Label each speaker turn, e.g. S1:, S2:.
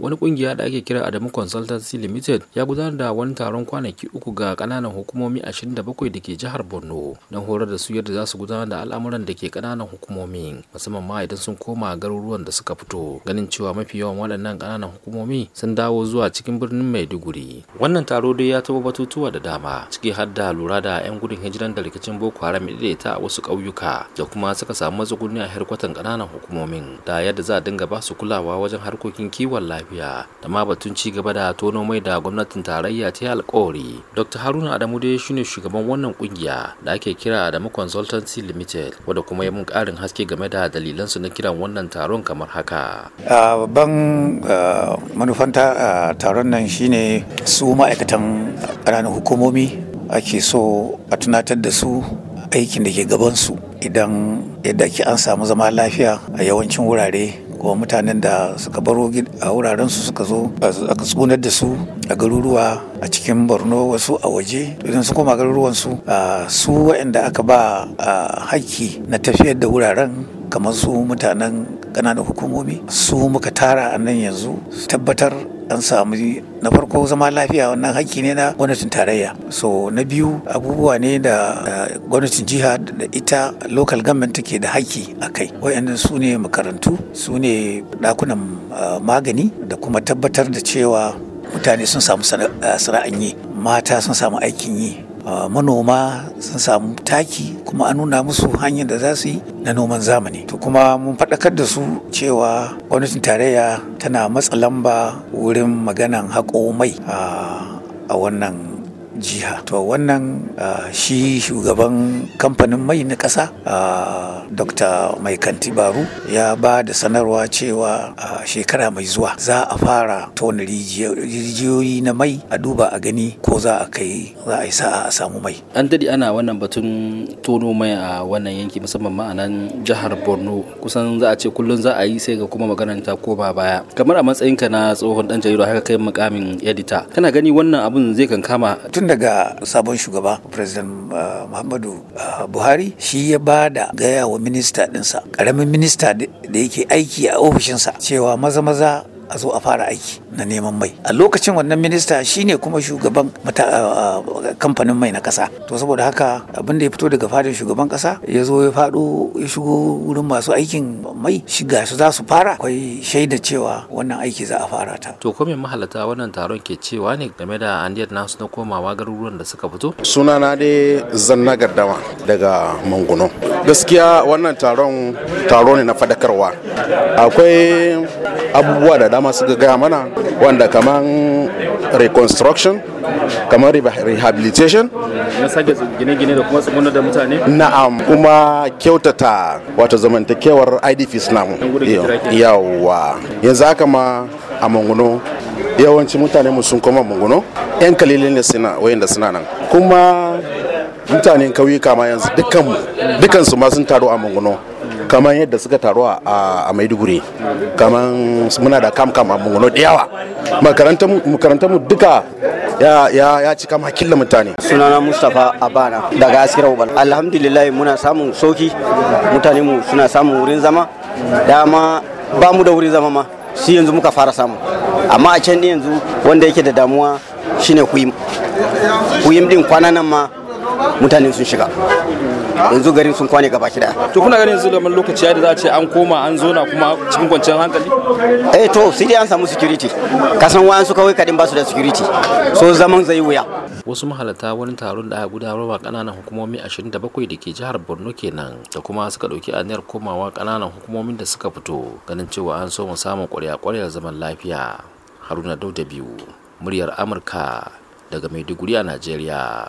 S1: wani kungiya da ake kira Adamu Consultancy Limited ya gudanar da wani taron kwanaki uku ga kananan hukumomi 27 da ke jihar Borno don horar da su yadda za su gudanar da al'amuran da ke kananan hukumomi musamman ma idan sun koma garuruwan da suka fito ganin cewa mafi yawan waɗannan kananan hukumomi sun dawo zuwa cikin birnin Maiduguri wannan taro dai ya taɓa batutuwa da dama ciki har da lura da 'yan gudun hijiran da rikicin Boko Haram ta a wasu ƙauyuka da kuma suka samu matsuguni a harkwatan kananan hukumomin da yadda za a dinga ba su kulawa wajen harkokin kiwon lafiya lafiya da ma batun ci gaba da tono mai da gwamnatin tarayya ta yi alkawari dr haruna adamu dai shine shugaban wannan kungiya da ake kira da adamu consultancy limited wadda kuma ya mun karin haske game da dalilan su na kiran wannan taron kamar haka
S2: babban manufan taron nan shine su ma'aikatan ƙananan hukumomi ake so a tunatar da su aikin da ke gabansu idan yadda ke an samu zama lafiya a yawancin wurare kuma mutanen da suka baro a wuraren su suka zo aka tsunar da su a garuruwa a cikin borno wasu a waje idan su koma garuruwan su su waɗanda aka ba a haƙƙi na tafiyar da wuraren kamar su mutanen ƙananan hukumomi su muka tara a nan yanzu tabbatar an samu na farko zama lafiya wannan hakki ne na gwamnatin tarayya so na biyu abubuwa ne da gwamnatin jiha da ita local government take da hakki a kai wayannan su ne makarantu su ne dakunan ah, magani da kuma tabbatar da cewa mutane sun samu ah, sana'an yi mata sun samu aikin yi Ah, manoma sun samu taki kuma an nuna musu hanyar da za su yi na noman zamani to kuma mun faɗakar da su cewa gwamnatin tarayya tana matsa lamba wurin maganan haƙo mai ah, a wannan jiha to wannan ah, shi shugaban kamfanin mai na ƙasa ah, dr mai baru ya ba da sanarwa cewa a ah, shekara mai zuwa za a fara tona rijiyoyi na mai a duba a gani ko za a kai za a yi sa'a a samu mai an dade ana wannan batun
S1: tono mai a wannan yanki musamman ma a nan jihar borno kusan za a ce kullum za a yi sai ga kuma maganar ta ba baya kamar a matsayinka na tsohon dan jarida haka kai mukamin edita kana gani wannan abun zai kankama tun daga sabon
S2: shugaba president uh, muhammadu uh, buhari shi ya ba da gaya wa minista ɗinsa karamin minista da yake aiki a ofishinsa cewa maza-maza a zo a fara aiki na neman mai a lokacin wannan minista shine kuma shugaban kamfanin mai na kasa to saboda haka abin da ya fito daga fadin shugaban kasa ya zo ya fado ya shigo wurin masu aikin mai shiga su za su fara akwai shaida cewa wannan aiki za a fara ta
S1: to mahalarta mahalata wannan taron ke cewa ne game da andiyar nasu na komawa garuruwan da suka fito
S3: Suna na dai zanna gardama daga mangunan gaskiya wannan taron taro ne na fadakarwa akwai abubuwa da dama suka gaya mana wanda kaman reconstruction kamar rehabilitation
S1: na sake gine-gine da kuma tsibirin da mutane na'am
S3: kuma kyautata wato zamantakewar idps islam yawa yanzu haka ma a manguno yawanci mutane mu sun koma manguno yan kalilin ne suna da suna nan kuma mutanen kauyuka ma yanzu dukkan su ma sun taru a manguno kamar yadda suka taru a maiduguri kamar muna da kam kam a da yawa makarantar mu duka ya cika killa mutane sunana mustapha abana daga askira ubal alhamdulillah muna samun soki mutane mu suna samun wurin zama dama ba mu da wurin zama ma shi yanzu muka fara samu amma a can yanzu wanda yake da damuwa shine kuyim kuyim din kwanan nan ma mutane sun shiga yanzu garin sun kwane gaba kida
S1: to kuna ganin yanzu lamar lokaci ya da za a ce an koma an na kuma cikin kwanciyar hankali eh to sai dai an samu security
S3: kasan wayan su kawai kadin ba su da security so zaman zai wuya
S1: wasu mahalarta wani taron da aka gudanar wa kananan hukumomi 27 da ke jihar borno kenan da kuma suka dauki aniyar komawa kananan hukumomin da suka fito ganin cewa an so mu samun kwarya-kwaryar zaman lafiya haruna dau da biyu muryar amurka daga maiduguri a najeriya